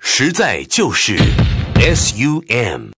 实在就是。S-U-M.